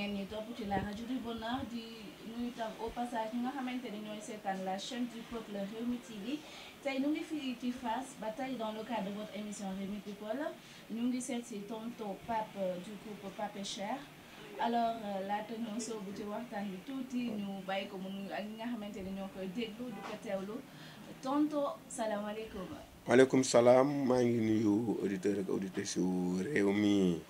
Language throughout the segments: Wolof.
ngeen ñi topp ci la rajo du bonheur di nuyu tam au passage ñi nga xamante ni ñooy seetaan la chaîne du peuple Rewmi TV tey ñu ngi fii ci Fass ba tey dans le cadre de votre émission Rewmi People ñu ngi seet si tonto Pape du groupe Pape Cheikh alors euh, laata ñoo soobu ci waxtaan bi tuuti ñu bàyyi ko mu nuyu nga xamante ni ñoo koy déglu di ko teewlu tonton salaamaaleykum. waaleykum salaam maa ngi nuyu auditeurs ak auditrices yu réew mi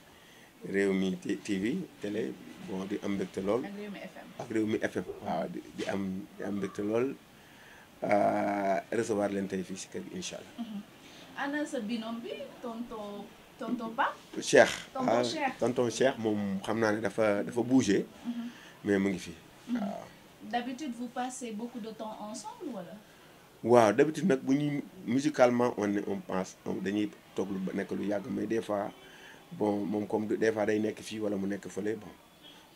réew mi TV télé bon di am mbégte lool. ak Rewmi FM ak Rewmi FM di am di lool euh, recevoir leen tey fii si kër gi incha allah. Mhm. ana sa binom bi tonton tonton Ba. Cheikh tonton ah, Cheikh moom xam naa ni dafa dafa bougé. Mhm. mais mu ngi fi mhm. waaw. d'habitude vous passez beaucoup de temps ensemble wala. waaw d'habitude nag bu ñuy musicalement on on pense dañuy toog lu nekk lu yàgg mais des fois bon moom comme des fois day nekk fii wala mu nekk fa fële bon.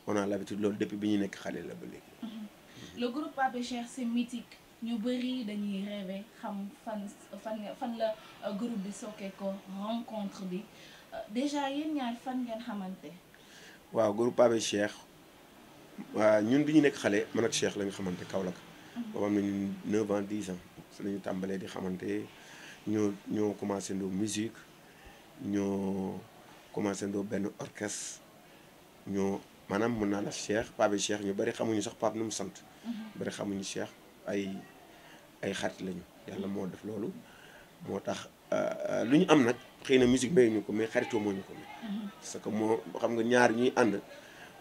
on a l'habitude loolu depuis bi ñu nekk xale la ba léegi. Mm-hmm. groupe Pape Cheikh c'est ñu bëri dañuy rêver xam fan fan la euh, groupe bi sokkee ko rencontre bi euh, déjà yéen ñaar fan ngeen xamante. waaw groupe Pape Cheikh waa ñun bi ñu nekk xale man ak Cheikh la nga xamante Kaolack. Mm-hmm. boobu am nañu 9 ans 10 ans su la ñu tàmbalee di xamante ñoo ñoo commencé ndoo musique ñoo commencé ndoo benn orchestre ñoo. maanaam mun naa la Cheikh Pape Cheikh ñu bari xamuñu sax Pape nu mu sant. Mhm. bari xamuñu Cheikh ay ay xarit lañu yàlla moo def loolu moo tax euh, euh, lu ñu am nag xëy na musique mayuñu ko mais xaritoo moo ko may. Mhm. que moo xam nga ñaar ñuy ànd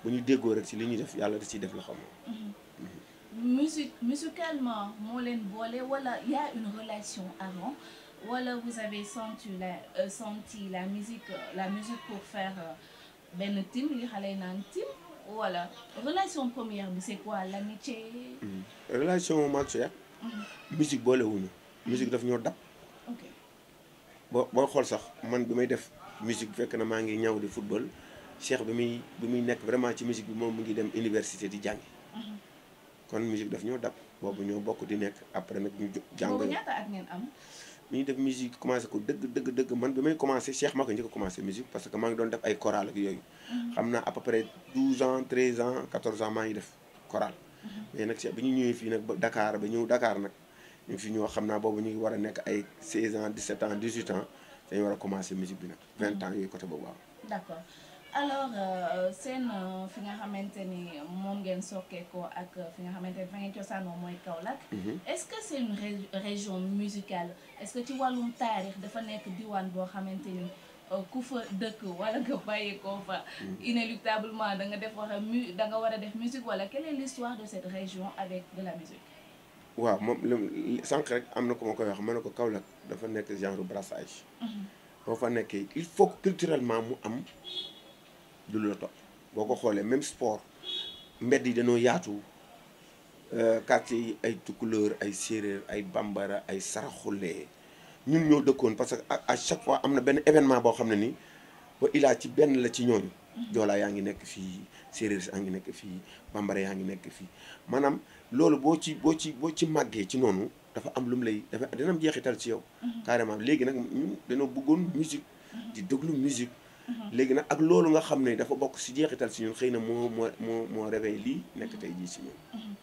bu ñu déggoo rek ci li ñuy def yàlla da def la xam mhm. musicalement moo leen boole wala y a une relation avant wala vous avez senti la euh, senti la musique pour faire. benn tim li xale yi naan tim wala relation première bi c'est quoi l'amitié. Mm. relation man cher. Mm-hmm. musique boolewuñu. musique daf ñoo dab. boo boo xool sax man bi may def musique bu fekk na maa ngi ñaw di football Cheikh bi muy bi muy nekk vraiment ci musique bi moom mu ngi dem université di jàngi. Mm-hmm. kon musique daf ñoo dab boobu ñoo bokk di nekk après nag ñu jàng. boobu ñaata at ngeen am. bi ñuy def musique commencé ko dëgg dëgg dëgg man bi may commencé Cheikh maa ko njëkk a commencé musique parce que maa ngi doon def ay chorale mm-hmm. xam naa à peu près 12 ans 13 ans 14 ans maa ngi def chorale. Mm-hmm. mais nag bi ñu ñëwee fii nag ba Dakar ba ñëw Dakar nag ñu fi ñëw xam naa boobu ñu ngi war a nekk ay 16 ans 17 ans 18 ans dañu war a commencé musique bi nag 20 ans yooyu côté boobu waaw. alors euh, seen euh, fi nga xamante ni moom ngeen sokkeekoo ak euh, fi nga xamante ni fa ngeen cosaanoo mooy Kaolack. Mhm. est-ce que c'est une région musicale est-ce ci wàllum taarix dafa nekk diwaan boo xamante ni ku fa dëkk wala nga bàyyi koo fa. Mhm. inéluctablement da nga def war a mu da nga war a def musique wala quelle est l'histoire de cette région avec de la musique. waaw moom li sànq rek am na ko ma koy wax ma ne ko Kaolack dafa nekk genre brassage. Mhm. boo fa nekkee il faut que culturellement mu am. du lu la topp boo ko xoolee même sport mbedd yi dañoo yaatu euh, quartier yi ay tukulóor ay séeréer ay bambara ay saraxulee ñun ñoo dëkkoon parce que a chaque fois am na benn événement boo xam ne ni ba ilaa ci benn la ci ñooñu mm-hmm. joolaa yaa ngi nekk fii séeréer yaa ngi nekk fii bambara yaa ngi nekk fii maanaam loolu boo ci boo ci boo ci màggee ci noonu dafa am lu mu lay dafa dina am jeexital ci yow mm-hmm. carrément léegi nag ñun dañoo bëggoon musique mm-hmm. di déglu musique Mm-hmm. léegi nag ak loolu nga xam ne dafa bokk si jeexital si ñun xëy na moo moo moo moo réveillé lii nekk tey jii si ñun. Mm-hmm.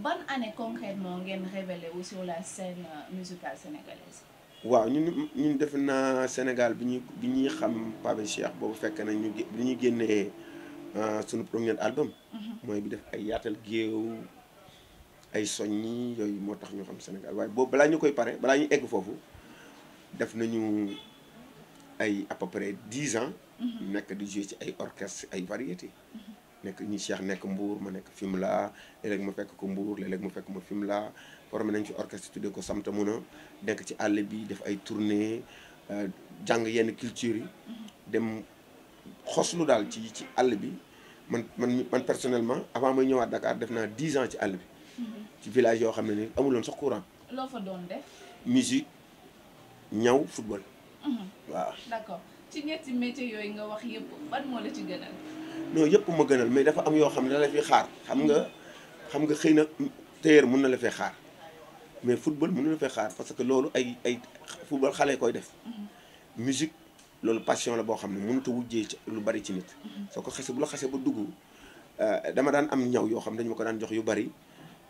ban année concrètement ngeen révélé wu sur euh, waaw ñun ñun defe naa Sénégal bi ñu bi ñuy xam Pape Cheikh boobu fekk na ñu bi ñuy génnee euh, sunu premier album. Mm-hmm. mooy bi def ay yaatal géew ay soññi yooyu moo tax ñu xam Sénégal waaye boobu balaa ñu koy pare balaa ñu egg foofu def nañu. ay à peu près dix ans. Mhm. nekk di jouer ci ay orchestre ay variété mhm. nekk ñu Cheikh nekk Mbour ma nekk Fimela léeg-léeg ma fekk ko mbuur léeg-léeg ma fekk ma Fimela formé nañ ci orchestre tuddee ko Samta Muna nekk ci àll bi def ay tournée euh, jàng yenn culture yi. Mhm. dem xoslu daal ci ci àll bi man man man personnellement avant may ñëwaat Dakar def naa dix ans ci àll bi. ci village yoo xam ne ni amuloon sax courant. loo fa doon def. musique ñaw football. Mm-hmm. waaw d'accord ci ñetti métier yooyu nga wax yëpp ban moo la ci gënal. non yëpp ma gënal mais dafa am yoo xam ne da la fi xaar xam nga xam nga xëy na téyeer mun na la fee xaar mais football mun na la fee xaar parce que loolu ay ay football xale koy def. Mm-hmm. musique loolu passion la boo xam ne mënut a wujjee lu bari ci nit. Mm-hmm. soo ko xasee bu la xasee ba dugg euh, dama daan am ñaw yoo xam dañu ma ko daan jox yu bari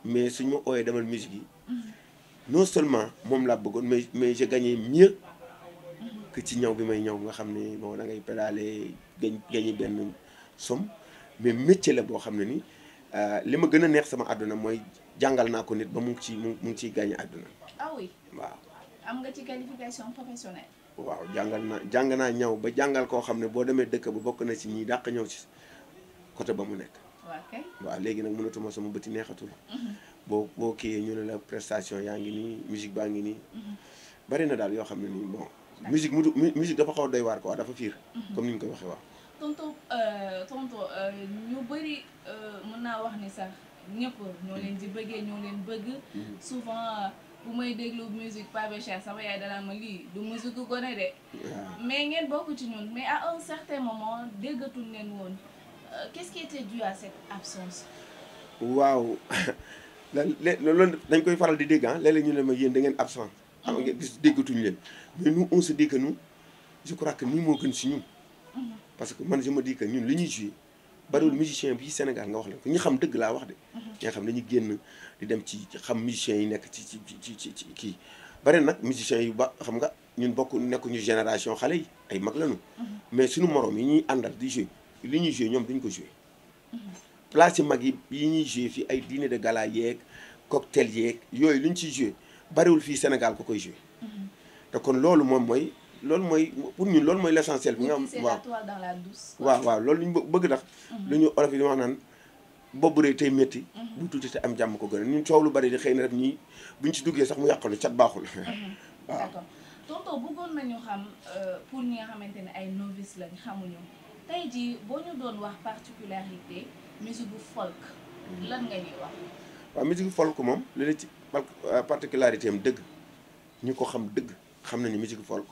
mais suñu ma ooyee demal musique yi. non seulement moom laa bëggoon mais mais ci ñaw bi may ñaw nga xam ne bon da ngay pédaler gañ gañi benn somme mais métier la boo xam ne ni euh, li ma gën a neex sama àdduna mooy jàngal naa ko nit ba mu ci mu ngi ciy gàñe àdduna ah jàngal naa jàng naa ñaw ba jàngal koo xam ne boo demee dëkk ba bokk na ci ñi dàq ñëw ci côté ba mu nekk waaw léegi nag mënatuma sama bëti neexatul mhm. boo boo kiyee ñu ne la prestation yaa ngi nii musique baa ngi nii mhm. bari na daal yoo xam ne nii bon musique mu musique dafa xaw a doy waar quoi dafa fiir mhm. comme ni ñu koy waxee waaw. tonton euh, tonton euh, ñu bëri euh, mën naa wax ni sax ñëpp ñoo leen di bëggee ñoo leen bëgg. Mhm. souvent bu may déglu musique Pape Cheikh sama yaay danaa ma lii du musique gu gone de. mais ngeen bokk ci ñun mais à un certain moment déggatul leen woon qu'est-ce qui était dû à cette loolu dañ koy faral di dégg ah léeg-léeg ñu ne ma yéen da ngeen absent. xam nga mhm. gis déggatuñu leen. mais nous on se dit je crois que nii moo gën si ñun parce que man je ma dis que ñun li ñuy joué bariwul musicien bi Sénégal nga wax leen ko ñu xam dëgg laa wax de ñi nga xam dañuy génn di dem ci xam musiciens yi nekk ci ci ci ci ci kii bari nag musiciens yu ba xam nga ñun bokk nekkuñu génération xale yi ay mag lañu mais suñu moroom yi ñuy àndal di joué li ñuy joué ñoom duñ ko joué place yi mag yi yi ñuy joué fii ay dîner de gala yeeg cocktail yeeg yooyu li ñu ciy joué bariwul fii Sénégal ko koy joué te kon loolu moom mooy loolu mooy pour ñun loolu mooy l'essentiel bi nga am waaw waaw loolu lu ñu bëgg nag lu ñu olof yi di wax naan boobu rëy tey métti bu mhm. tuuti te am jàmm ko gën a ñun coow lu bari di xëy na rek ñii buñ ci duggee sax mu yàqalu cat baaxul mhm. waaw d'accord tonton bëggoon nañu xam euh, pour ñi nga xamante ne ay novice lañ xamuñu tey jii boo ñu doon wax particularité musique folk mhm. lan nga ñuy wax waaw musique folk moom li ci euh, particularité am dëgg ñu ko xam dëgg xam nañu musique folk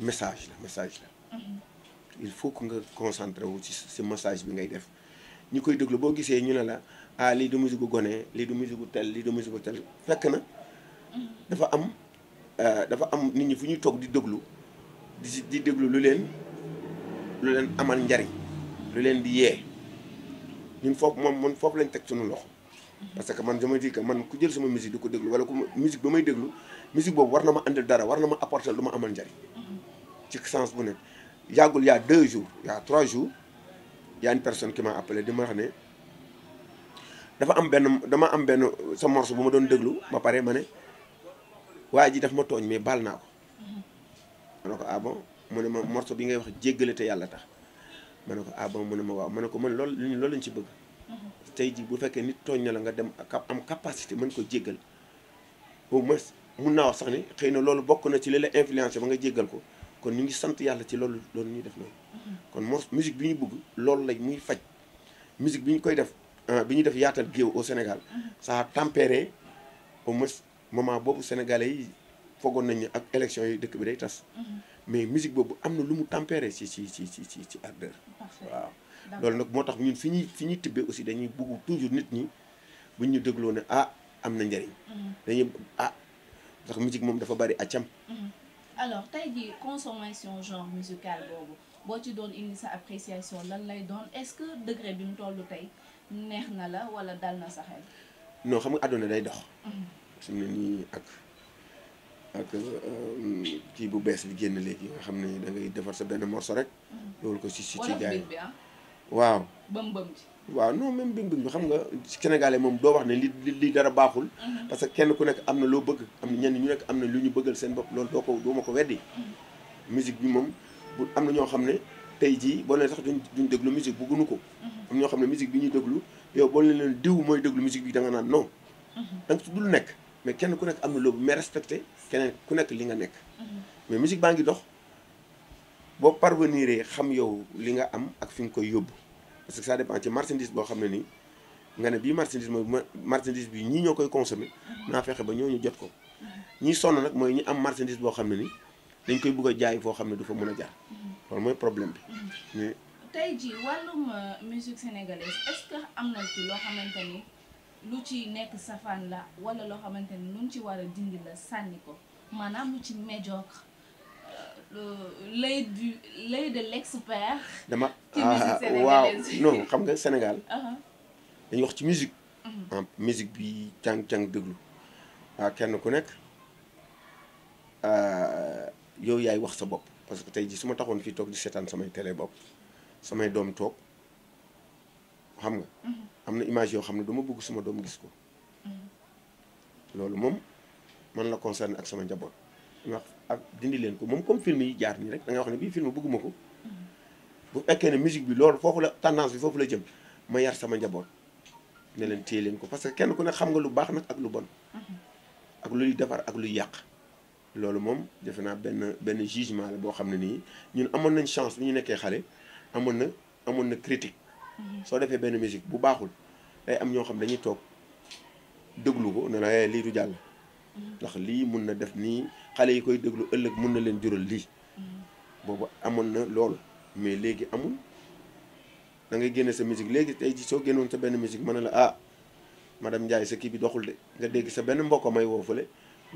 message la message la. Mm-hmm. il faut que nga concentré wu ci si message bi ngay def ñu koy déglu boo gisee ñu ne la ah lii du musique gu gone lii du musique gu tel lii du musique gu tel fekk na mm-hmm. dafa am euh, dafa am nit ñi fu ñuy toog di déglu di di déglu lu leen lu leen amal njariñ lu leen di yee ñun foofu moom man foofu lañ teg suñu loxo. parce que man je me dis que man ku jël sama musique di ko déglu wala ku musique ba may déglu musique boobu war na ma andil dara war na ma apporter lu ma amal njariñ ci sens bu ne yàggul y a deux jours y trois jour y a une personne qui m'a appelé di ma wax ne dafa am benn dama am benn sa morceau bu ma doon déglu ba pare ma ne waa ji daf ma tooñ mais baal naa ko ma ne ko ah mu ne ma morceau bi ngay wax jéggale te yàlla tax ma ne ko ah bon mu ne ma waaw m ne ko man loolu loolu lañ ci bëgg tey jii bu fekkee nit tooñ na la nga dem am capacité mën ko jéggal au moins mun naa wax sax ni xëy na loolu bokk na ci li la influencé ba nga jéggal ko kon ñu ngi sant yàlla ci loolu loolu ñuy def noonu. kon mo musique bi ñu bugg loolu lañ muy faj musique bi ñu koy def euh, bi ñu def yaatal géew au Sénégal ça a tempéré au moins moment boobu sénégalais yi foogoon nañ ak élection yi dëkk bi day tas mhm. mais musique boobu am na lu mu tempéré ci ci ci ci ci ardeur waaw loolu nag moo tax ñun fi ñuy fi aussi dañuy bëgg toujours nit ñi buñ ñu dégloo ne ah am na njariñ mhm. dañuy ah ndax musique moom dafa bari accam. Mhm. alors tey jii consommation genre musical boobu boo ci doon indi sa appréciation lan lay doon est-ce que degré bi mu toll tey neex na la wala dal na sa xel. non xam nga àdduna day dox. su mhm. ne nii ak ak euh, kii bu bees bi génn léegi nga xam ne da ngay defar sa benn morceau rek. loolu ko si si ci gars waaw bëm-bëm ji waaw non même bëm bi xam nga sénégalais moom doo wax ne li li dara baaxul mhm. parce que kenn ku nekk am na loo bëgg am na ñenn ñu nekk am na lu ñu bëggal seen bopp loolu doo ko doo ma ko weddi mhm. musique bi moom bu am na ñoo xam ne tey jii boo leen sax du duñ duñ lu musique bëgguñu ko mhm. am ñoo xam ne musique bi ñuy déglu yow boo leen leen diw mooy déglu musique bi da nga naan non danga ci dul nekk mais kenn ku nekk am na loo mais respecté keneen ku nekk li nga nekk mais musique baa ngi dox boo parvenir xam yow li nga am ak fi nga koy yóbbu parce que sa dépend ci marchandise boo xam ne nii nga ne bii marchandise mooy marchandise bi ñii ñoo koy consommer naa fexe ba ñu jot ko ñi sonn nag mooy ñi am marchandise boo xam ne nii dañ koy bëgg a jaay foo xam ne du fa mën a jaar loolu mooy problème bi. mais tey jii wàllum euh, musique sénégalaise est loo xamante lu ci nekk safaan la wala loo xamante ni lu ci war a dindi la sànni ko maanaam lu ci médiocre l'œil dama ah, waaw non xam nga Sénégal. Uh-huh. dañuy wax ci musique. Uh-huh. Ah, en bi càng càng déglu waaw ah, kenn ku nekk yow yaay wax sa bopp parce que tey jii su ma taxoon fii toog di seetaan samay télé bopp samay doom toog xam nga. Uh-huh. am na image yoo xam ne dama bëgg suma doom gis ko. loolu moom man la concerné ak sama njaboot. ak dindi leen ko moom comme film yi jaar nii rek da nga wax ne bii film bëgguma ko bu ekkee ne musique bi loolu foofu la tendance bi foofu la jëm ma yar sama njaboot ne leen téye leen ko parce que kenn ku ne xam nga lu baax nag ak lu bon ak luy defar ak lu yàq loolu moom defe naa benn benn jugement la boo xam ne nii ñun amoon nañ chance bi ñu nekkee xale amoon na amoon na critique soo defee benn musique bu baaxul day am ñoo xam dañuy toog déglu ko ne la eh, lii du lii mun na def nii xale yi koy déglu ëllëg mun na leen jural lii boobu amoon na loolu mais léegi amul da ngay génne sa musique léegi tey ji soo génnoon sa benn musique mën na la ah madame Ndiaye sa kii bi doxul de nga dégg sa benn mbokk may woo fële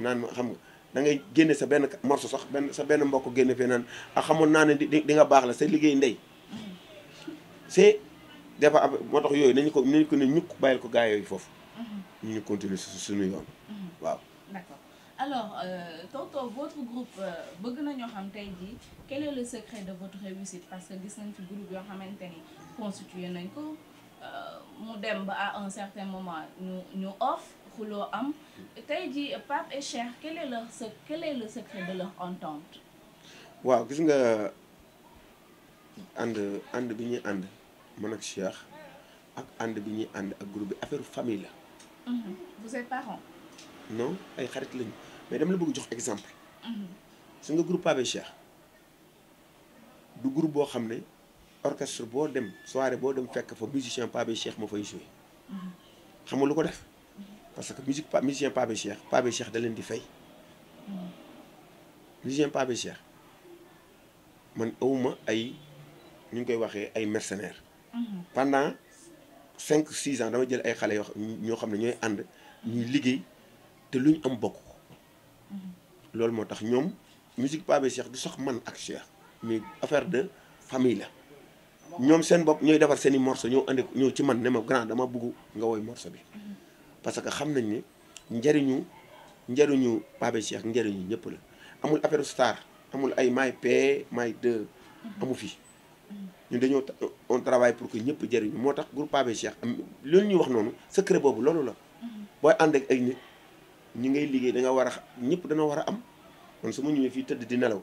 naan ma xam nga dangay génne sa benn morceau sax benn sa benn mbokk génne fee naan ah xamoon naa ne di di nga baax la sa liggéey ndey c'est dafa am moo tax yooyu nañu ko nañu ko ne ñukk bàyyil ko gaa yooyu foofu ñu mm-hmm. ñu continuer suñu yoon mm-hmm. waaw alors euh, tonton votre groupe euh, bëgg nañoo xam tey jii quel est le secret de votre réussite parce que gis nañ fi groupe yoo xamante ni constitué nañ ko euh, mu dem ba un certain moment ñu ñu off xuloo am tey jii Pape et Cheikh quel le secret de leur entente. waaw gis nga ànd ànd bi ñuy ànd man ak Cheikh ak ànd bi ñuy ànd ak groupe bi affaire famille la. Mhm. vous êtes parents. non ay xarit lañu. mais dama la bëgg jox exemple. Mhm. su nga groupe Pape Cheikh du groupe boo xam ne orchestre boo dem soirée boo dem fekk fa musicien Pape Cheikh moo fay joué. Mhm. xam nga lu ko def mhm. parce que musique pa musicien Pape Cheikh Pape Cheikh da leen di fay. musicien Pape Cheikh man awuma ay ñu ngi koy waxee ay mercenaires. pendant cinq six ans dama jël ay xale yoo ñoo xam ne ñooy ànd ñuy liggéey te lu ñu am bokk. loolu moo tax ñoom musique Pape Cheikh du sax man ak Cheikh mais affaire de famille la ñoom seen bopp ñooy defar seen i morceau ñoo andi ñoo ci man ne ma grand dama bugg nga woy morceau bi parce que xam nañ ni njëriñu njëriñu Pape Cheikh njëriñu ñëpp la amul affaire star amul ay may p may deux amu fi ñu dañoo on travaille pour que ñëpp jëriñu moo tax groupe Pape Cheikh loolu ñuy wax noonu secret boobu loolu la booy ànd ak ay nit ñi ngay liggéey da war a ñëpp dana war a am kon su ma ñëwee fii tëdd di nelaw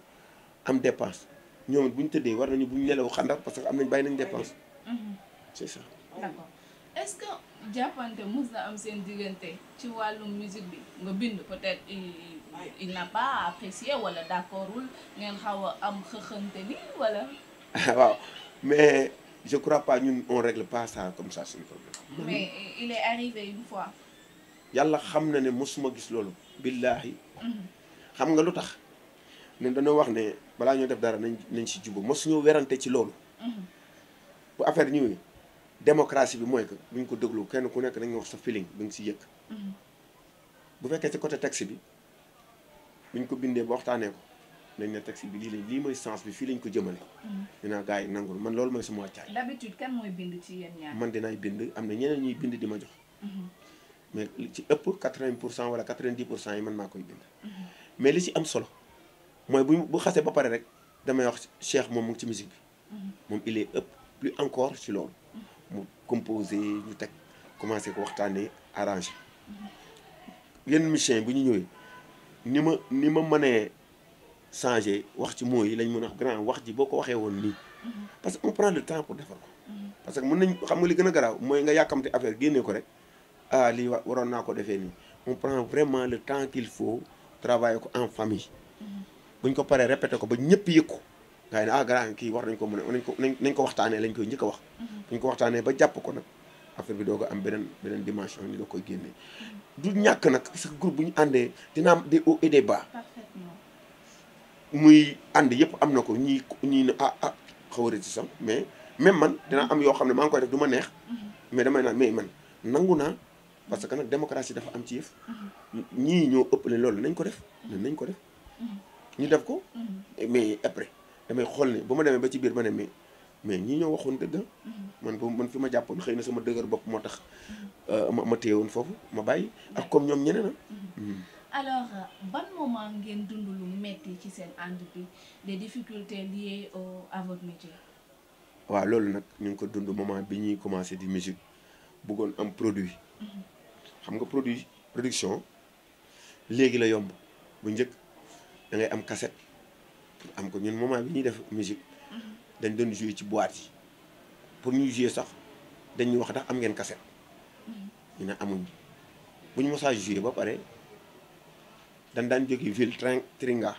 am dépense ñoom buñ ñu tëddee war nañu bu ñu nelaw xandar parce que am nañ bàyyi nañ dépense. Mhm. c'est ça. d'accord est que jàppante mos na am seen diggante ci wàllum musique bi nga bind peut-être il n'a pas apprécié wala d'accordul ngeen xaw am xëxante ni wala. waaw mais je crois pas ñun on règle pas ça comme ça suñu problème. mais il est arrivé une fois. yàlla xam na ne mosuma gis loolu billaahi xam nga lu tax ñun dañoo wax ne balaa ñoo def dara nañ nañ si jubbu mosuñoo werante ci loolu bu affaire ñëwee démocratie bi mooy que buñ ko déglu kenn ku nekk nañ nga wax sa feeling bi nga si yëkk bu fekkee ci côté texte bi buñ ko bindee ba waxtaanee ko nañ ne texte bi lii lañ lii mooy sens bi fii lañ ko jëmale dinaa gars yi nangul man loolu mooy suma wàccaay d'habitude kan man dinaay bind am na ñeneen ñuy bind di ma jox mais li ci ëpp quatre-vingt pour cent wala quatre-vingt-dix pour cent yi man maa koy bind. mais li ci am solo mooy bu bu xasee ba pare rek damay wax Cheikh moom mu ci musique bi. moom il est ëpp plus encore ci loolu. mu composé ñu teg commencé ko waxtaanee arrangé. yenn musicien bu ñu ñëwee ni ma ni ma mënee changé wax ci mots yi lañ mën a wax grand wax ji boo ko waxee woon nii. parce que on prend le temps pour defar ko. Mm-hmm. parce que mun nañ xam nga li gën a garaaw mooy yàkkamte affaire génnee ko rek. ah lii waroon naa ko defee nii on prend vraiment le temps qu'il faut travailler ko en famille mm-hmm. buñ ko paree répété ko ba ñëpp yëg ko nga ne ah grand kii war nañ ko mën a nañ ko nañ ko waxtaanee lañ koy njëkk wax mm-hmm. buñ ko waxtaanee ba jàpp ko nag affaire bi doo ko am beneen beneen dimension ni doo koy génnee mm-hmm. du ñàkk nag parce bu ñu àndee dina am des hauts et des yëpp am na ko ñii ñii ne ah, ah xaw a réticent mais même man dina am yoo xam ne maa ngi koy def du ma neex mais damay naan mais man nangu naa parce que nag démocratie dafa am ci yëf. Mhm. ñii ñoo ëppale loolu nañ ko def. nañ ko mhm. ñu def ko. Mhm. mais après damay xool ne ba ma demee ba ci biir ma ne mais mais ñii ñoo waxoon dëgg man ba man fi ma jàppoon xëy na sama dëgër bopp moo tax euh, ma ma téyewoon foofu ma bàyyi ak comme ñoom ñeneen dund lu metti ci loolu nag ñu ngi ko dund moment bi ñuy commencé di musique bëggoon am produit. xam nga produit production léegi la yomb bu njëkk dangay am kaset pour am ko ñun moment bi ñuy def musique mhm. dañ doon jouer ci boîte yi pour ñuy jouer sax dañuy ñu wax ndax am ngeen cassette mhm. ñu ne amuñ bu ñu mosaa jouer ba pare dañ daan jógee ville train Tringa.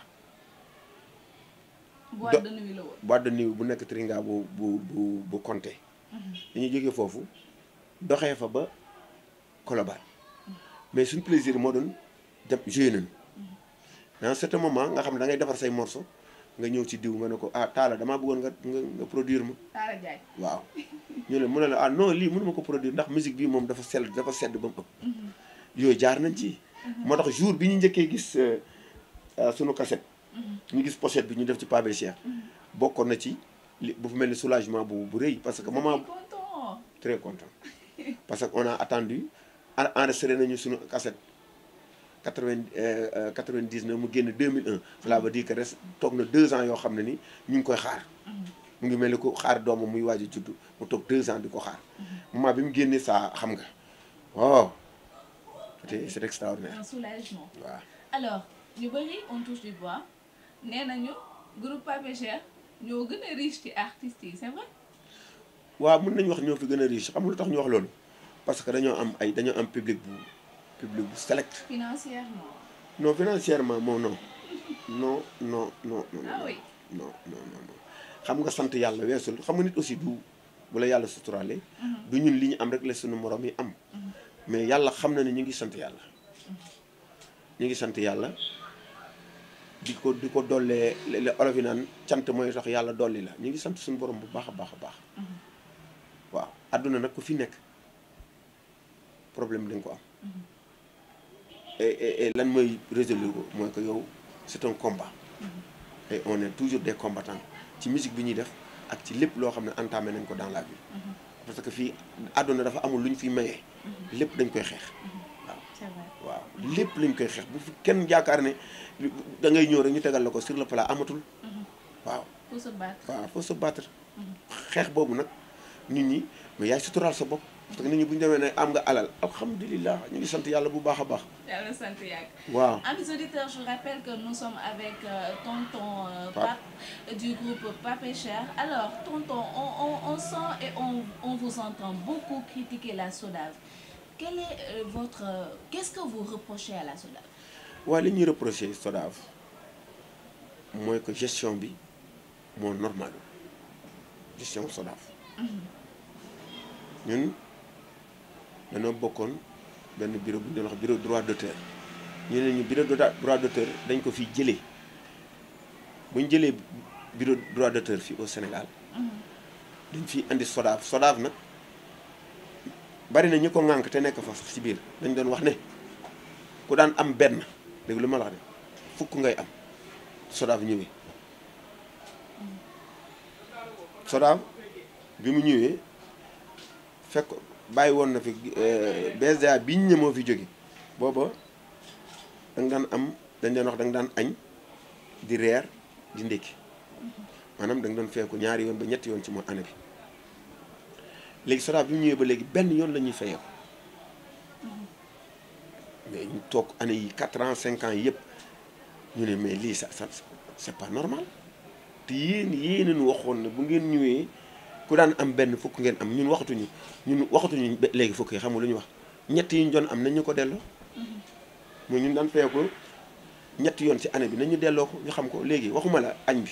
boîte de nuit bu nekk Tringa bu bu bu bu Comté. Mhm. dañuy jógee foofu doxee fa ba Colobane. mais suñ plaisir moo doon dem joué nañu dans certain moment nga xam ne da defar say morceau nga ñëw si diw nga ne ko ah Talla damaa bëggoon nga nga produir ma. waaw. ñu ne mu ne la ah non lii mënu ma ko produire ndax musique bi moom dafa sell dafa sedd ba mu ëpp. Mm-hmm. yooyu jaar nañ ci. Mm-hmm. moo tax jour bi ñu njëkkee gis euh, euh, sunu cassette. Mm-hmm. ñu gis pochette bi ñu def ci Pape Cheikh. bokkoon na ci li bu mel ni soulagement bu bu rëy parce que maman. très content parce que on a attendu. enregistré nañu suñu cassette 80 99 euh, euh, mu génn 2001 cela veut dire que res toog na deux ans yoo xam ne ni ñu ngi koy xaar mm-hmm. mu ngi mel ni ko xaar doomam muy waaj a judd mu toog deux ans di ko xaar mm-hmm. moment bi mu génnee saa xam nga waaw c'était nañu groupe Pape Cheikh gën a riche ci artistes yi waaw mën nañu wax ñoo fi gën a riche xam nga lu tax ñu wax loolu parce que dañoo am ay dañoo am public bu public bu select. financièrement. non financièrement moom non non non non non. ah oui non non non xam nga sant yàlla weesul xam nga nit aussi du bu la yàlla suturaale. Mhm. du ñun li ñu am rek la suñu morom yi am. Mhm. mais yàlla xam na ne ñu ngi sant yàlla. ñu ngi sant yàlla di ko di ko dollee le olof yi naan cant mooy tax yàlla dolli la ñu ngi sant suñu borom bu baax a baax a baax. Mhm. waaw adduna nag ku fi nekk. problème bi da ko am. et et lan mooy résoudre ko mooy que yow c'est combat. toujours des combattants ci musique bi ñuy def ak ci lépp loo xam ne entamé nañ ko dans la vie. parce que fii àdduna dafa amul lu ñu fiy mayee. lépp dañ koy xeex. waaw waaw lépp lañ koy xeex bu fi kenn yaakaar ne da ngay ñëw ñu tegal la ko sur le plat amatul. waaw faut se mhm. xeex boobu nag nit ñi mais yaay suturaal sa bopp. parce que nit ñi bu ñu demee ne am nga alal alhamdulilah ñu ngi sant yàlla bu baax a baax. yàlla sant yàgg. waaw amis auditeurs je rappelle que nous sommes avec euh, tonton. Euh, euh du groupe Pape Cher alors tonton on sent et on vous entend beaucoup critiquer la SODAV quel est euh, votre euh, qu'est-ce que vous reprochez à la SODAV. waaw li ñuy reproché mooy que gestion bi moo normal gestion SODAV. Mhm. dañoo bokkoon benn bureau bu ñu wax bureau droit d'auteur ñu ne ñu bureau droit dañ ko fi jëlee bu ñu jëlee bureau droit d'auteur fii au Sénégal mm-hmm. indi SODAV SODAV nag bari na ñu ko ŋànk te nekk fa si biir dañ doon wax ne ku daan am benn dégg lu ma la de fukk ngay am SODAV ñëwee mm-hmm. SODAV bi mu ñëwee fekk. bàyyi woon na fi euh, bi biñ ñëmoo fi jóge booba da daan am dañ daan wax da daan añ di reer di ndékki maanaam da nga doon feeku ñaari yoon ba ñetti yoon ci moo année bi léegi SODAV bi mu ñëwee ba léegi benn yoon lañuy ñuy fayeeku mais ñu toog année yi quatre ans cinq ans yëpp ñu ne mais lii ça ça c'est pas normal te yéen yéen waxoon ne bu ngeen ñëwee. ku daan am benn fukk ngeen am ñun waxatuñu ñun waxatuñu léegi fukk yi xam nga lu ñu wax ñett yi ñu doon am nañ ñu ko delloo. Mm-hmm. moo ñun daan fayoo ko ñetti yoon ci année bi nañ ñu delloo ko ñu xam ko léegi waxuma la añ bi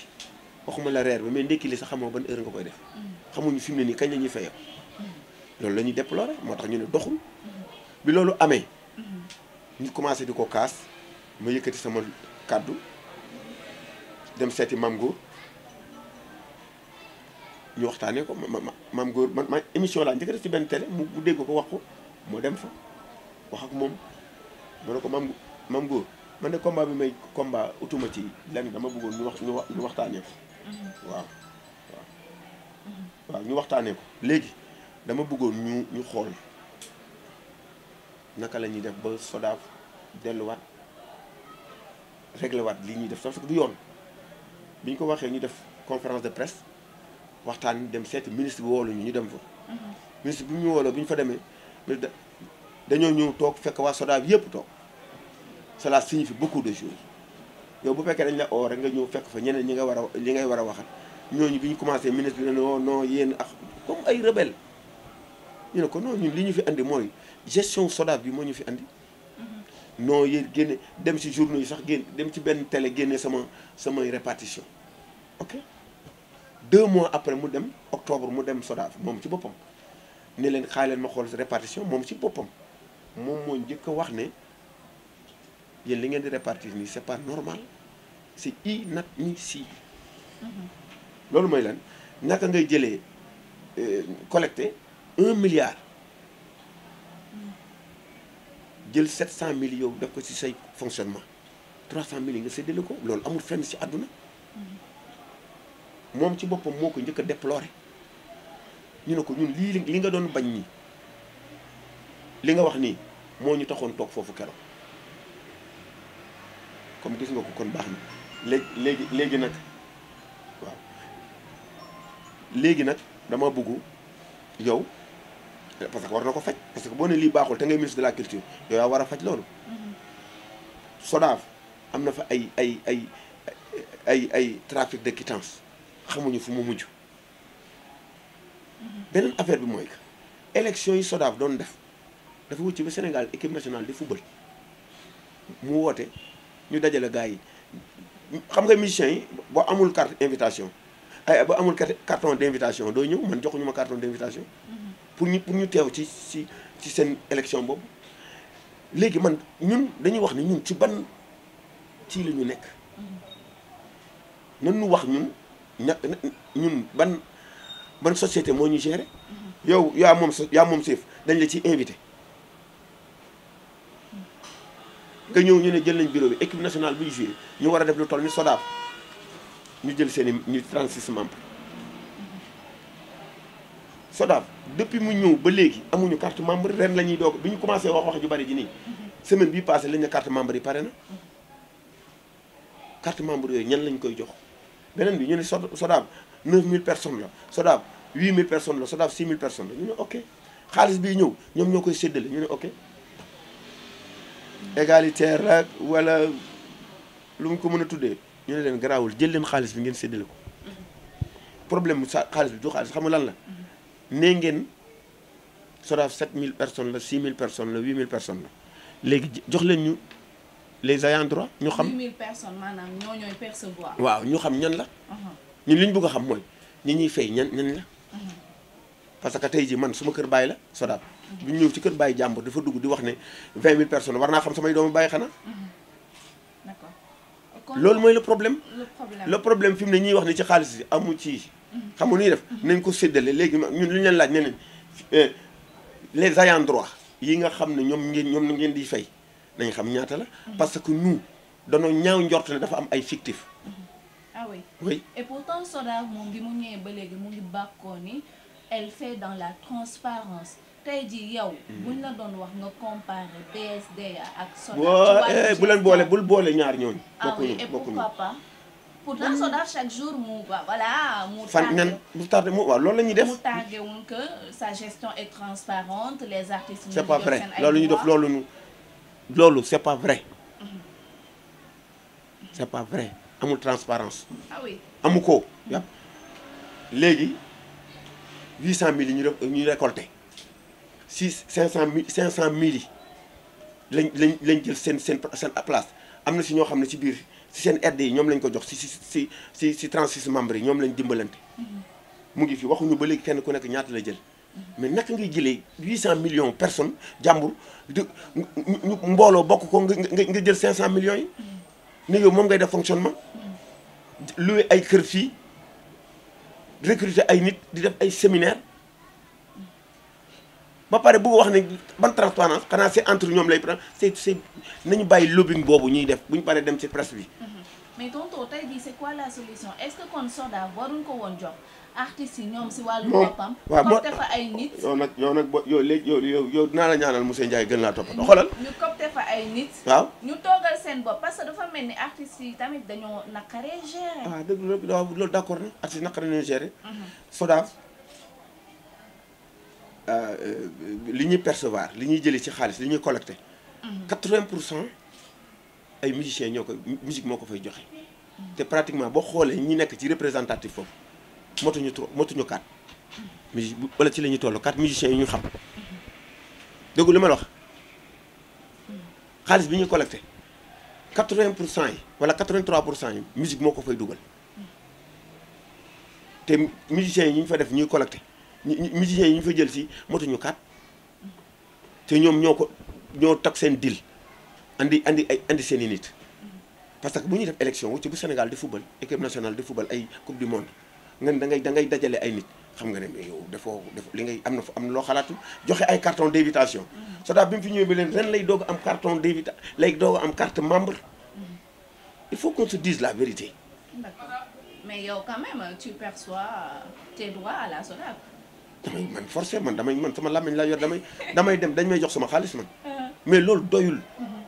waxuma la reer bi mais ndekki sa sax xamoo ban heure nga koy def. Mm-hmm. xamuñu fi mu ne nii kañ la ñuy fayoo. Mm-hmm. loolu lañuy ñuy moo tax ñu ne doxul. bi loolu amee. ñu commencé di ko kaas ma yëkkati sama kàddu dem seeti mam góor ñu waxtaanee ko ma ma maam góor man ma émission laa njëkk def ci benn télé mu dégg ko wax ko moo dem fa wax ak moom mu ne ko maam maam góor man ne combat bi may combat utuma ci lenn dama bëggoon ñu wax ñu waxtaanee ko mm-hmm. waaw waaw waaw ñu waxtaanee ko léegi dama bëggoon ñu ñu xool naka la ñuy def ba sodaaf delluwaat réglé waat lii ñuy def parce que du yoon bi ñu ko waxee ñu def conférence de presse waxtaan dem seeti ministre bi woolu ñu ñu dem fa. Mhm. ministre bi ñu wooloo bi ñu fa demee dañoo ñëw toog fekk waa SODAV yëpp toog cela signifie beaucoup de choses yow bu fekkee dañ la oo rek nga ñëw fekk fa ñeneen ñi nga war a li ngay war a waxat ñooñu bi ñu commencé ministre bi ne non non yéen ak comme ay rebelle ñu ne ko non li ñu fi indi mooy gestion SODAV bi moo ñu fi andi. Mhm. non yéen génne dem ci journaux yi sax génn dem ci benn télé génne sama samay répartition deux mois après mu dem octobre mu dem SODAV moom ci boppam ne leen xaar leen ma xool répartition moom ci boppam moom moo njëkk a wax ne yéen li ngeen di répartir nii c'est pas normal c'est inadmissible. Mm-hmm. loolu mooy lan naka ngay jëlee euh, collecté un milliard jël sept cent mille yow def ko ci say fonctionnement trois cent mille yi nga séddale ko loolu amul fenn ci àdduna. Mm-hmm. moom ci boppam moo ko njëkk a déploré ñu ne ko ñun lii li nga doon bañ nii li nga wax nii moo ñu taxoon toog foofu keroog comme gis nga ko kon baax na léegi léegi léegi nag waaw léegi nag dama bëgg yow parce que war na ko faj parce que boo ne lii baaxul te ngay ministre de la culture yow yaa war a faj loolu mm-hmm. SODAV am na fa ay ay ay ay ay trafic de quittance xamuñu fu mu mujj beneen affaire bi mooy que élection yi SODAV doon def dafa ci ba Sénégal équipe nationale di football mu woote ñu dajale gars yi xam nga musiciens yi boo amul carte invitation ay ba amul carton d' invitation doo ñëw man joxuñu ma carton d' invitation mm-hmm. pour ñu pour ñu teew ci ci ci seen élection boobu léegi man ñun dañuy wax ni ñun ci ban ci la ñu nekk mm-hmm. nan ñu wax ñun ña ñun ban ban societé moo ñu gérer yow yaa moom sa yaa moom siif dañ la ci invité nga ñëw ñu ne jël nañ bureau bi équipe nationale buy joué ñu war a def lu toll ni sodaaf ñu jël seen i ñu 36 membres sodaaf depuis mu ñëw ba léegi amuñu carte membre ren la ñuy doog bi ñu commencé wax wax ju bari ji nii semaine bii passé lañ ne carte yi pare na carte membre yooyu ñan lañ koy jox beneen bi ñu ne SODAV 9000 personnes la SODAV 8000 personnes la SODAV 6000 personnes la ñu ne ok xaalis bi ñëw ñoom ñoo koy séddale ñu ne ok égalitaire la wala lu mu ko mën a tuddee ñu ne leen garaawul jël leen xaalis bi ngeen séddale ko problème mu sa xaalis bi du xaalis xam nga lan la nee ngeen SODAV 7000 personnes la 6000 personnes la 8000 personnes la léegi jox leen ñu. les ayants droit ñu xam. 8000 personnes maanaam ñoo ñooy waaw ñu xam ñan la. Uh-huh. ñun li ñu bëgg xam mooy ñi ñuy fay ñan ñan la. Uh-huh. parce que tey jii man suma kër bàyyi la Sodaab. Uh-huh. bu ñu ñëw ci kër bàyyi jàmbur dafa dugg di wax ne 20 000 personnes war naa xam samay doomu bàyyi xanaa. loolu mooy le problème. le problème le problème ne ñuy wax ne ci xaalis bi amu ci. xam nga ñuy def nañ ko séddale léegi ñun li ñu leen laaj ne leen eh, les ayants droit yi nga xam ne ñoom ngeen ñoom ngeen di fay. dañ xam ñaata la. parce que nous danoo ñaaw njort ne dafa am ay fictif. ah oui oui et pourtant Sodav moom bi mu ñëwee ba léegi mu ngi bàkkoo nii elle fait dans la transparence tey jii yow. Mm. buñ la doon wax nga comparer PSD ak. Sodav eh, bu leen boole boole ñaar ñooñu. bokkuñu bokkuñu ah oui et pourquoi pas. pourtant mm. Sodav chaque jour mu voilà fan nan bu tardé mu waaw loolu la ñuy def mu tàggewuñ que sa gestion est transparente les artistes. c'est pas vrai loolu ñu def loolu ñu. loolu c'est pas vrai c'est pas vrai amul transparence ah amu ko yàpp léegi huit cent mille yi ñu ñu récolté six cinq cent mille cinq cent mille yi lañ lañ lañ jël seen seen seen place am na si ñoo xam ne si biir si seen aide yi ñoom lañ ko jox si si si si si trente membres yi ñoom lañ dimbalante mm-hmm. mu ngi fii waxuñu ba léegi kenn ku nekk ñaata la jël mais naka ngay jëlee 800 millions personnes jàmbur di ñu mbooloo bokk ko nga nga jël 500 millions yi. ni yow moom ngay def fonctionnement. loué ay kër fii recruter ay nit di def ay séminaire ba pare bëgg wax ne ban transparence xanaa c'est entre ñoom lay prendre c'est c'est nañu bàyyi lobbying boobu ñuy def bu ñu paree dem ci presse bi. Mm-hmm. mais tonton tey jii c'est quoi la solution est-ce que kon SODAV waruñ ko woon jox. artistes yi ñoom si wàllu boppam. waaw fa ay nit. yow nag yow nag yow léegi yow yow yow dinaa la ñaanal monsieur Ndiaye gën laa toppatoo xoolal. ñu copte fa ay nit. waaw ñu toogal seen bopp parce que dafa mel ni artistes yi tamit dañoo naqaree gérer. ah dëgg la loolu d' accord na artistes yi naqaree nañu gérer. Mhm. Sodaaf ah, euh, li ñuy percevoir li ñuy jëlee ci xaalis li ñuy collecté. 80 mhm. pour cent ay musiciens ñoo ko musique moo ko fay joxe. Mhm. te pratiquement boo xoolee ñi nekk ci représentatif foofu. motuñu trop motuñu quatre musique wala ci la ñuy toll quatre musiciens yi ñu xam dégg li ma la xaalis bi ñuy collecté quatre vingt pour cent yi wala quatre vingt trois pour cent yi musique moo ko fay dugal te musiciens yi ñu fa def ñuy collecté musiciens yi ñu fa jël si motuñu quatre te ñoom ñoo ko ñoo tag seen deal andi andi ay andi seen i nit parce que bu ñu def élection wu ci bu Sénégal di football équipe nationale de football ay coupe du monde nga ne da ngay da ngay dajale ay nit xam nga ne yow defoo li ngay am na fa am loo xalaatu joxe ay carton d'invitation SODAV bi mu fi ñëwee ba leen ren lay doog am carton d'invitation lay doog am carte membre il faut qu'on se dise la vérité. d'accord mais yow quand même la damay man forcé man damay laa yor damay damay dem dañ may jox sama xaalis man mais loolu doyul mhm.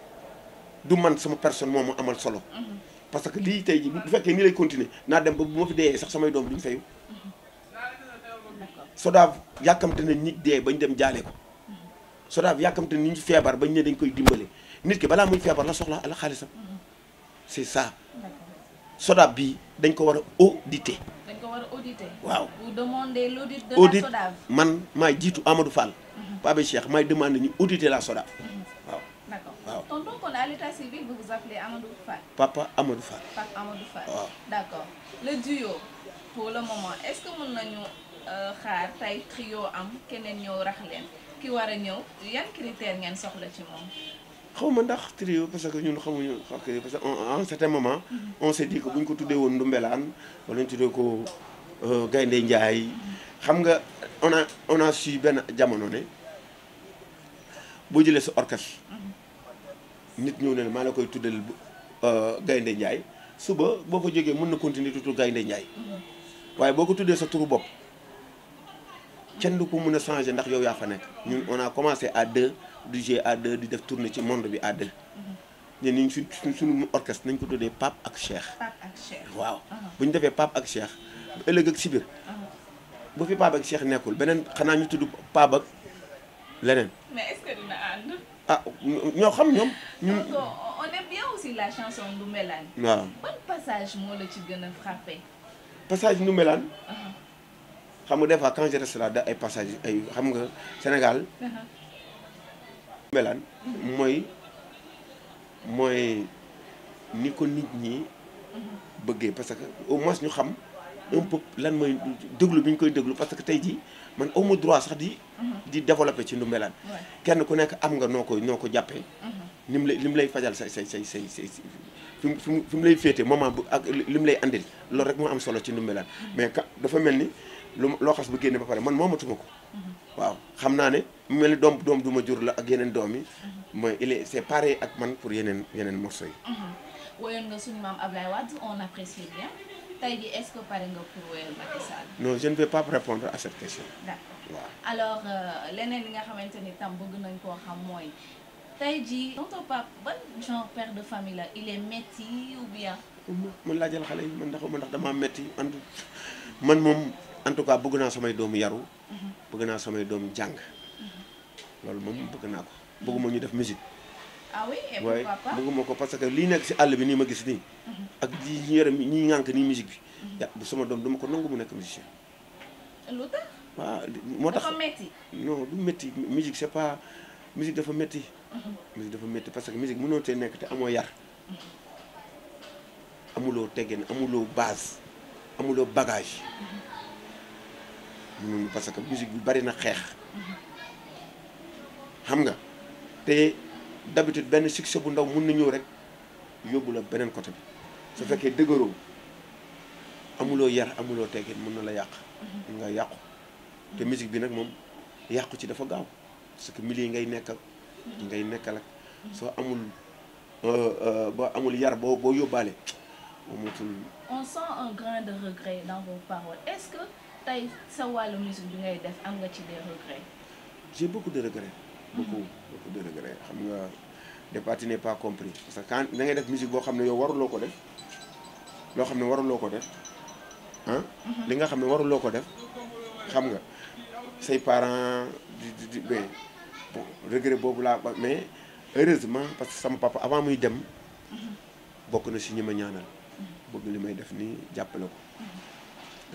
du man sama personne moo ma amal solo. Mhm. parce que lii tey ji bu fekkee nii lay continuer naa dem ba bu ma fi deeyee sax samay doom duñ fayu SODAV yàkkamte na nit dee bañ dem jaale ko SODAV yàkkamte na nit feebar bañ ne dañ koy dimbale nit ki balaa muy feebar la soxla ala xaalisam c'est ça SODAV bi dañ ko war a auditer. waaw vous demandez man maay jiitu Amadou Fall. Mhm. Pape Cheikh maay demandé ñu auditer la SODAV. Mhm. waaw tonton Amadou Fall. papa Amadou Fall. papa Amadou Fall waaw. d'accord le duo pour le moment est-ce que mën nañu euh, xaar tey trio am keneen ñëw rax leen ki war a ñëw yan critères ngeen soxla ci moom. xaw ma ndax trio parce que ñun xamuñu xaw parce que à un certain moment. Mhm. on s'est dit que ko tuddee woon Ndumbelaan wala ñu tuddee ko euh, Gaynde Njaay mhm. xam nga on a on a su benn jamono ne boo jëlee sa orchestre. Mhm. nit ñëw ne maa la koy tuddal euh, gaynde njaay suba boo ko jógee mën na continuer tutu gaynde njaay waaye boo ko tuddee sa turu bopp kenn du ko mën a changer ndax yow yaa fa nekk ñun on a commencé à deux du G à di def tournée ci monde bi à deux ne ni su suñu orchestre nañ ko tuddee Pape ak Cheikh. Pape waaw. Uh-huh. bu ñu defee Pape ak Cheikh ëllëg ak sibir uh-huh. bu fi Pape ak Cheikh nekkul beneen xanaa ñu tudd Pape ak leneen. ah ñoo xam ñoom. ñun on aime bien aussi la chanson Ndoumbelane. waaw ban passage moo la ci gën a frappé. passage Ndoumbelane. Ah. xam nga des fois quand je da ay passage ay xam nga Sénégal. Ah. Ndoumbelane mooy mooy ni ko nit ñi mm-hmm. bëggee parce que au moins ñu xam un peu lan mooy déglu bi ñu koy déglu parce que tey jii. man aw ma droit sax di. Mhm. di développé ci ndumbelaan kenn ku nekk am nga noo ko noo ko jàppee. ni mhm. mu lay li mu lay sa sa sa sa say say fi mu fi mu lay féete moment ak li mu lay andil loolu rek moo am solo ci ndumbelaan mhm. mais ka dafa mel ni lu loo xas bu génne ba pare man moomatuma ko. waaw xam naa ne mu mel ni doom doom du ma jur la ak yeneen doom yi. mooy il est c'est pareil ak man pour yeneen yeneen morceaux yi. tey jii est-ce que pare nga pour wéyal Macky Sall. non je répondre à cette question. d'accord waaw alors euh, leneen li nga xamante ni tam bëgg nañ koo xam mooy tey jii. tonton Pape ban genre père de famille la il est métti ou bien. man laa jël xale yi man ndax man ndax damaa métti man man moom en tout cas bëgg naa samay doom yaru. Mhm. bëgg naa samay doom jàng. Mhm. loolu moom bëgg naa ko bëgguma ñu def musique. ah waaye bëgguma ko parce que lii nekk si àll bi nii ma gis nii. Mhm. ak ñi ñu yore ñi ŋànk nii musique bi. bu mhm. sama doom dama ko nangu mu nekk musicien. lu moo tax dafa métti. non du métti musique dafa métti. Mhm. musique dafa métti parce que musique mënoo tee nekk te amoo yar. amuloo teggin amuloo baas amuloo bagage. mënoon parce que musique bi bari na xeex. xam nga te. d'habitude benn succès bu ndaw mun na ñëw rek yóbbu la beneen côté bi su fekkee dëgëroo amuloo yar amuloo teggin mun na la yàq mm-hmm. nga yàqu te musique bi nag moom yàqu ci dafa gaaw parce que milieu ngay nekkal mm-hmm. ngay nekkal ak mm-hmm. soo amul euh, euh, boo amul yar boo boo yóbbaale amatul on sent un grain de regret dans vos paroles est-ce que tey sa wàllu musique bi ngay def am nga ci des regrets j'ai beaucoup de regrets beaucoup xam nga de partie n'est pas compris parce que quand boo xam ne yow waruloo ko def xam ne waruloo ko def mhm. li nga xam ne waruloo ko def xam nga say parents di boobu laa mais heureusement parce que sama papa avant muy dem mhm. bokk na si ñi ma ñaanal mhm. bëgg li may def nii jàppale ko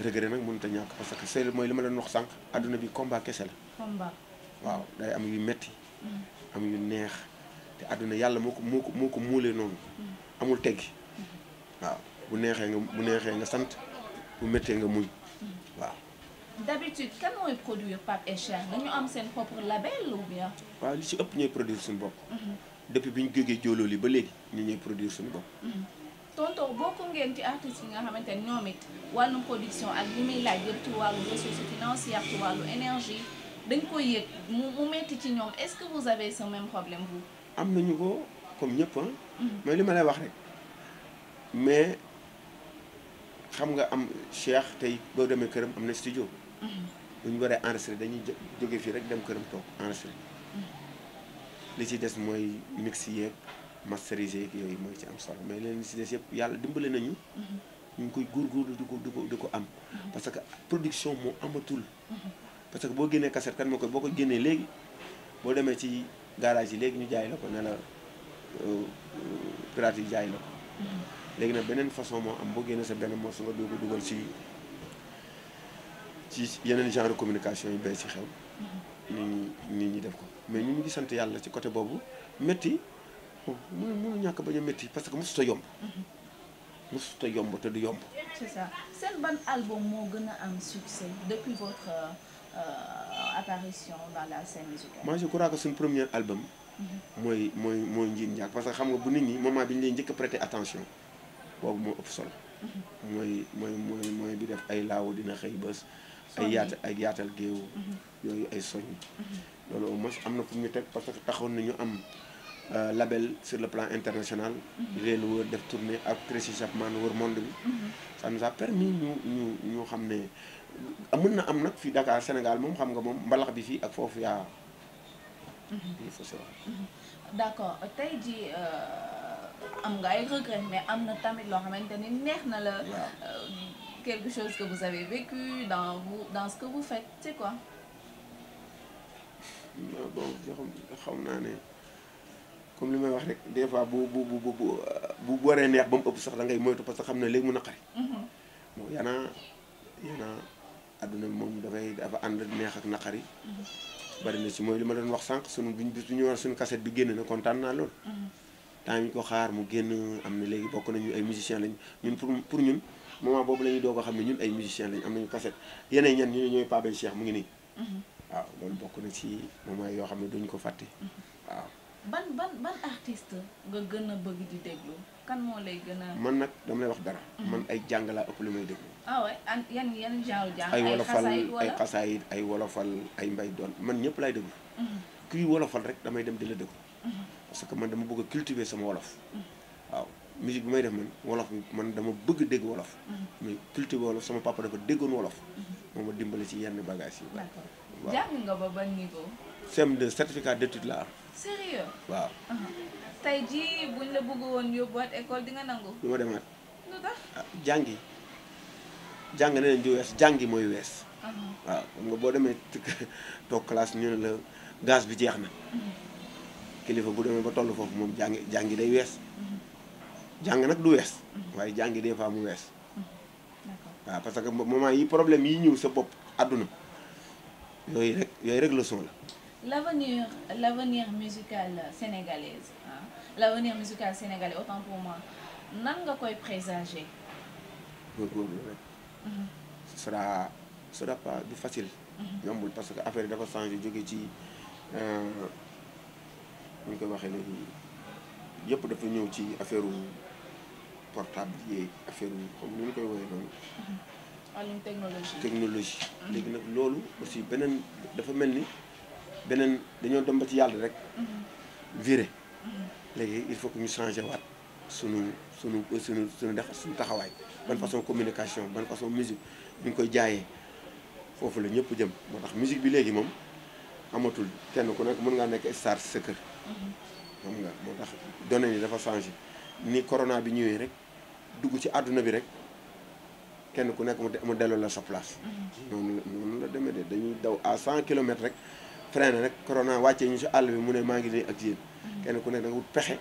regret nag mënut a ñàkk parce que c'est mooy li ma leen wax sànq adduna bi combat kese la waaw day am yu metti mm. am yu neex te àdduna yàlla moo ko moo ko muulee noonu mm. amul teggi mm-hmm. waaw bu neexee nga bu neexee nga sant bu méttee nga muñ mm. waaw d'habitude kan mooy produire Pape et dañu am seen propre label ou bien waaw li si ëpp ñooy produire suñu bopp mm-hmm. depuis bi ñu jógee jooloo li ba léegi ñu ñuy produire suñu bopp mm-hmm. tonton bokk ngeen ci artistes nga xamante ne ñoom it production ak li muy laaj yëpp ci dañ koy yëg mu metti ci ñoom est-ce que vous avez ce même problème vous. am nañu ko comme ñëpp mm-hmm. mais li ma lay wax rek mais xam nga am Cheikh tey boo demee këram am na studio. lu mm-hmm. ñu waree enregistré dañuy jóge fii rek dem këram toog enregistré. Mm-hmm. li ci des mooy mix yeeg masterisé yeeg yooyu mooy ci am solo mais leen li ci des yëpp yàlla dimbale nañu. ñu ngi koy góorgóorlu di ko di ko du ko am. parce que production moo amatul. parce que boo génnee cassette kan moo koy boo ko génnee léegi boo demee ci garage yi léegi ñu jaay la ko ne la euh, pirate yi jaay la ko. Mm-hmm. léegi nag beneen façon moo am boo génnee sa benn morceau nga dugg dugal ci ci yeneen genre communication yu bees ci xew. Mm-hmm. nit nit ñi def ko mais ñu ngi sant yàlla ci côté boobu métti oh, mënu mënu ñàkk bañ a parce que mosut a yomb. Mm-hmm. mosut a yomb te du yomb. Euh, apparition dans la scène musicale. moi que suñu premier album. Mm-hmm. mooy mooy mooy njiit njaak parce que xam nga bu nit ñi moment bi ñu leen njëkk a prêter attention boobu moo ëpp solo. Mm-hmm. mooy mooy mooy bi def ay laaw dina xëy bés. ay yaata ay yaatal géew mm-hmm. yooyu ay soñ loolu au moins am na fu ñu teg parce que taxoon ñu am euh, label sur le plan international leen def tournée ak Tracy Chapman wër monde bi ça nous a permis ñu ñu ñu xam ne mën na am nag fi Dakar Sénégal moom xam nga moom mbalax bi fii ak foofu yaa. il faut wax. d'accord tey jii euh, am nga ay regret mais am na tamit loo xamante ni neex na la. Euh, quelque chose que vous avez vécu dans vous dans ce que vous faites c'est quoi. non bon xam naa ne comme li may wax rek des fois bu bu bu bu bu waree neex ba mu ëpp sax da ngay moytu parce que xam ne léegi mu naqari. Mhm. bon yanaa. adduna bi moom dafay dafa ànd neex ak naqari bari na ci mooy li ma doon wax sànq sunu buñ bis bu ñu war suñu kaset bi génn na kontaan naa lool temps ñu ko xaar mu génn am na léegi bokk nañu ay musiciens lañ ñun pour pour ñun moment boobu la ñuy doog a xam ne ñun ay musiciens lañ am nañu kaset yeneen ñan ñu ne ñooy Pape seex mu ngi nii waaw loolu bokk na ci moment yoo xam ne duñ ko fàtte waaw ban ban ban nga gën a bëgg di déglu kan moo lay gën a man nag dama lay wax dara mm-hmm. man ay jàng laa ëpp li may déglu ah ay wolofal ay xasaayit ay wolofal ay mbay doon man ñëpp laay déglu. Mhm. kuy wolofal rek damay dem di la déglu. Mhm. parce que man dama bëgg a cultiver sama wolof. Mhm. waaw musique bi may def man wolof man dama bëgg dégg wolof. mais cultiver wolof sama papa dafa déggoon wolof. moo dimbali si yenn bagages yi. d'accord jàng nga ba ban niveau. CM2 certificat d'études la am. sérieux waaw. Uh-huh. tey jii buñ la bëgg woon yóbbuwaat école di nangu. du ma demaat. Ah, jàngi. jàng neneen di wees jàngi mooy wees uh-huh. waaw xam nga boo demee toog classe ñu ne la gaz bi jeex na uh-huh. kilifa bu demee ba toll foofu moom jàngi jàngi day wees uh-huh. jàng nag du wees waaye jàngi des fois mu wees waaw parce que moment yi problème yi ñëw sa bopp àdduna yooyu rek yooyu rek leçon la l'avenir l'avenir musical sénégalaise l'avenir musical sénégalais autant pour moi nan nga koy présager ce sera ce sera pas du facile. Mhm. yombul parce que affaire yi dafa changé jóge ci euh, nu ñu koy waxee léegi yëpp dafa ñëw ci affaire portable yeeg affaire comme ni ñu koy woowee noonu. Mhm. wàllum mhm. léegi nag loolu aussi beneen dafa mel ni beneen dañoo dem ci yàlla rek. viré. léegi il faut que ñu changé waat sunu. sunu sunu sunu sunu taxawaay ban façon communication ban façon musique ñu ngi koy jaaye foofu la ñëpp jëm moo tax musique bi léegi moom amatul kenn ku nekk mën ngaa nekk star sa kër mm-hmm. xam moo tax données yi dafa changé ni corona bi ñëwee rek dugg ci àdduna bi rek kenn ku nekk mu delloo la sa place mm-hmm. noonu noonu la demee de dañuy daw à cent kilomètres rek freiné rek corona wàccee ñu si àll bi mu ne maa ngi lay ak yéen mm-hmm. kenn ku nekk da nga wut pexe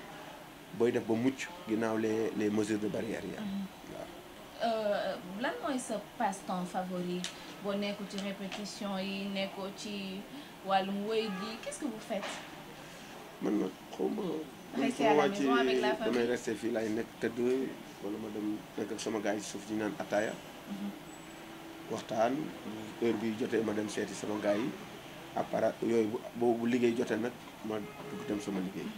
booy def ba mucc ginnaaw les les mesures de barrière yi mhm. waaw. Euh, lan mooy sa passe-temps favori boo nekkul ci répétition yi nekkoo ci wàllum woy gi qu'est-ce que vous faites. man nag xaw ma. rester damay rester fii nekk tëdd wala ma dem sama gars yi suuf di naan ataaya. Mhm. waxtaan heure bi jotee ma dem seeti sama gars yi à part yooyu bu liggéey jotee nag ma dugg dem sama liggéey.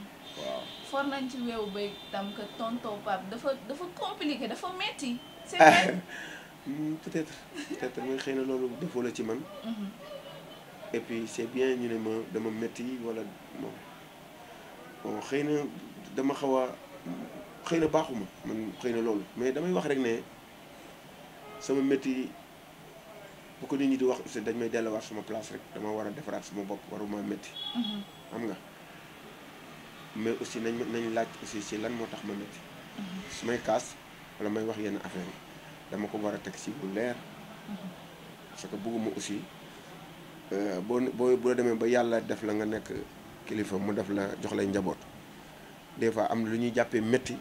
for nañ ci weewu ba tam que tonton Pape dafa dafa compliqué dafa metti c'est ah, vrai hmm, peut-être peut mooy xëy na loolu defoo la ci man mhm. et puis c'est bien ñu ne ma dama metti wala moom xëy na dama xaw a xëy na baaxuma man xëy na loolu mais damay wax rek ne sama metti bu ko nit ñi di wax aussi dañ may delluwaat sama place rek dama war a defaraat sama bopp waruma metti mhm. xam nga mais aussi nañ nañ laaj aussi si lan moo tax ma métti mhm. su may kaas wala may wax yenn affaire yi dama ko war a teg ci bu leer mhm. parce que bëgguma aussi euh, boo boo boo demee ba yàlla def la nga nekk kilifa mu def la jox lay njaboot des fois am lu ñuy jàppee métti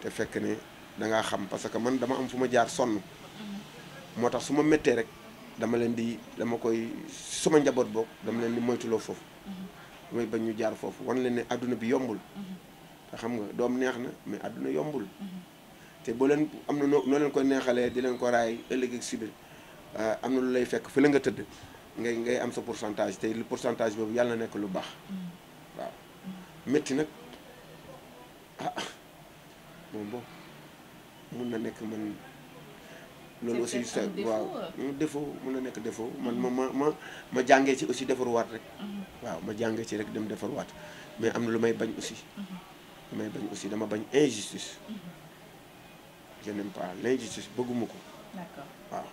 te fekk ne dangaa xam parce que man dama am fu ma jaar sonn mhm. moo tax su ma méttee rek dama leen di dama koy suma njaboot boog dama leen di moytuloo foofu damay bañ ñu jaar foofu wan leen ne àdduna bi yombul mm-hmm. te xam nga doom neex na mais àdduna yombul mm-hmm. te boo leen am na noo noo leen koy neexalee di leen ko raay ëllëg ak sibir ah, am na lu lay fekk fi la nga tëdd ngay ngay am sa pourcentage te li pourcentage boobu yàlla nekk lu baax mm-hmm. waaw métti nag ah moom boobu mun na nekk man loolu aussi c' waaw euh. défaut mun na nekk défaut man ma ma ma ma jàngee ci aussi defaruwaat rek mhm. waaw ma jàngee ci rek dem defaruwaat mais am na lu may bañ aussi mhm. lu may bañ aussi dama bañ injustice mhm. je n'aime pas l' injustice bëgguma ko waaw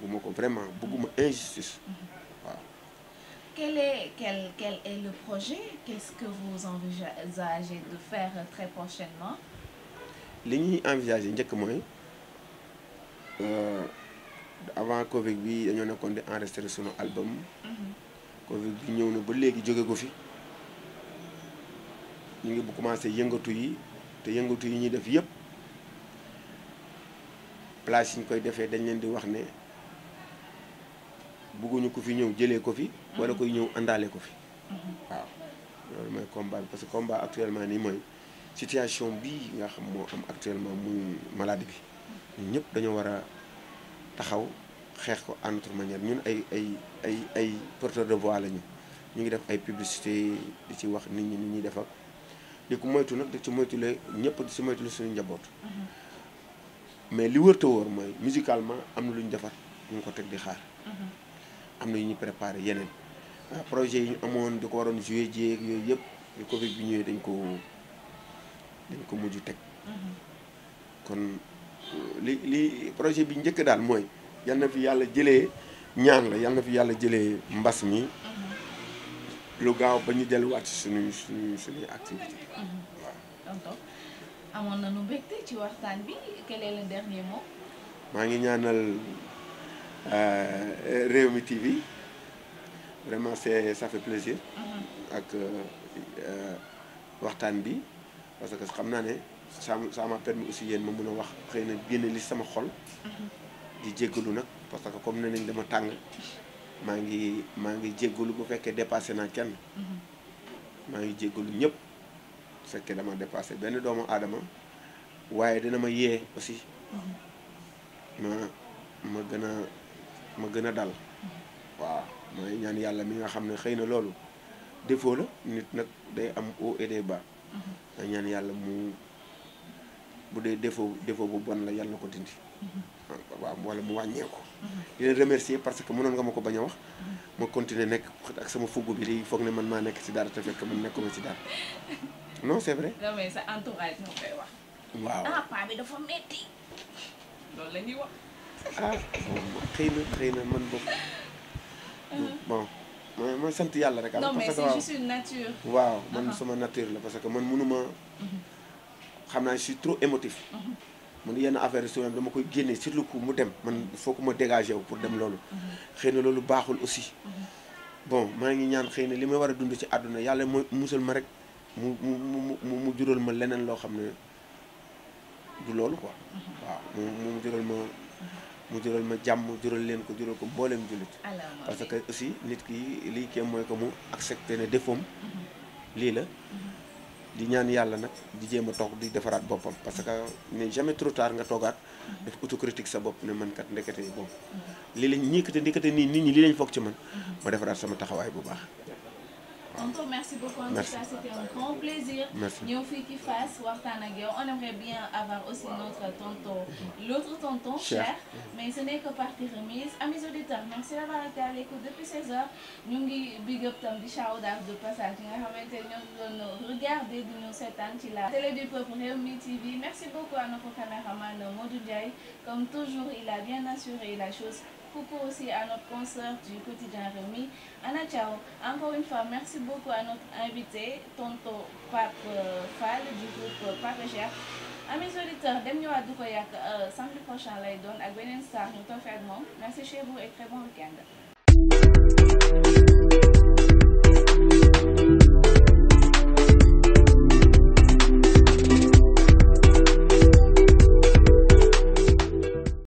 bëgguma ko vraiment bëgguma injustice waaw quel est quel quel est le projet qu'est-ce que vous envisagez de faire très prochainement li ñuy envisager njëkk mooy Euh, avant Covid bi dañoo nekkoon di enregistré sunu album. Mm-hmm. Covid bi ñëw na ba léegi jóge ko fi ñu ngi bu commencé yëngatu yi te yëngatu yi ñuy def yëpp place yi ñu koy defee dañ leen di wax ne bëgguñu ko fi ñëw jëlee ko fi. wala mm-hmm. koy ñëw àndaale ko fi. Mm-hmm. waaw loolu mooy combat parce que combat actuellement nii mooy situation bi nga xam moo am actuellement muy maladie bi. ñun ñëpp dañoo war a taxaw xeex ko entre notre manière ñun ay ay ay ay porteur de voix lañu ñu ngi def ay publicité di ci wax nit ñi ni ñuy defar ak di ko moytu nag di ci moytulee ñëpp di suñu njaboot. Mm-hmm. mais li wër te mooy musicalement am na lu ñu defar ñu ko teg di xaar. Mm-hmm. am na yu ñu préparé yeneen. Ah, projet yi ñu amoon di ko waroon joué jéeg yooyu yëpp yu Covid bi ñëwee dañ ko dañ ko mujj teg mm-hmm. kon. li li projet bi njëkk daal mooy yal na fi yàlla jëlee ñaan la yal na fi yàlla jëlee mbas mi lu gaaw ba ñu delluwaat si suñuy suñuy suñuy activité mm-hmm. waaw. amoon nañu mbégte ci bi maa ngi ñaanal euh, Rewmi TV vraiment c'est ça fait plaisir. Mm-hmm. ak euh, euh, waxtaan bi parce que xam naa ne. ça ça m'a permis aussi yéen ma mun a wax xëy na génne lii sama xol. di jéggalu nag parce que comme ne nañ dama tàng maa ngi maa ngi jéggalu bu fekkee dépassé naa kenn. maa ngi jéggalu ñëpp bu fekkee dama dépassé benn doomu aadama waaye dina ma yee aussi. ma ma gën a ma gën a dal. waaw mooy ñaan yàlla mi nga xam ne xëy na loolu défaut la nit nag day am haut et des bas. ñaan yàlla mu. bu dee défo défo bu bon la yàlla na ko dindi. Mm-hmm. waaw wala mu wàññeeku. Mm-hmm. di leen parce que mënoon nga ma ko bañ a wax. Mm-hmm. ma continuer nekk ak sama fugg bi di foog ne man maa nekk ci dara te fekk man nekkuma ci dara non c'est ah, ah, xëy na xëy na man uh-huh. ma sant yàlla rek. Ah, parce waaw man uh-huh. sama nature la parce que man mënuma. xam naa je suis trop émotif. man yenn affaire yi souvent dama koy génne sur mu dem man il faut ma dégagé wu pour dem loolu. xëy na loolu baaxul aussi. bon maa ngi ñaan xëy na li may war a dund ci àdduna yàlla mooy musal ma rek mu mu mu mu jural ma leneen loo xam ne du loolu ko waaw mu mu jural ma. mu jural ma jàmm jural leen ko jural ko mbooleem jullit parce que aussi nit ki lii kee mooy ko mu accepté ne defoom mhm. lii la di ñaan yàlla nag di jéem a toog di defaraat boppam parce que mais jamais trop tard nga toogaat def autocritique sa bopp ne man kat ndekete yi mm-hmm. li lañ ñikkate ndekete nii nit ñi li lañ foog ci man ma defaraat sama taxawaay bu baax Tonton, merci beaucoup. En i cas, c'était un grand plaisir. Merci. ñëw fii ci waxtaan ak yow on aimerait bien avoir aussi notre tonton l'autre tonton cher mais ce n'est que partie remise amis auditeurs merci d'avoir été à l'écoute depuis 16 heures ñu ngi big up tam di shout out de passage yi nga xamante du ñu seetaan ci la télé du peuple Rewmi TV merci beaucoup à notre caméraman Modou Ndiaye comme toujours il a bien assuré la chose coucou aussi à notre consoeur du quotidien Rémi, Anna Chao. Encore une fois, merci beaucoup à notre invité, Tonto Pape euh, Fall du groupe Pape Gère. amis auditeurs dem ñëwaat du ko yàq euh, samedi prochain lay doon ak beneen star ñu toog fi ak moom merci chez vous et très bon week-end.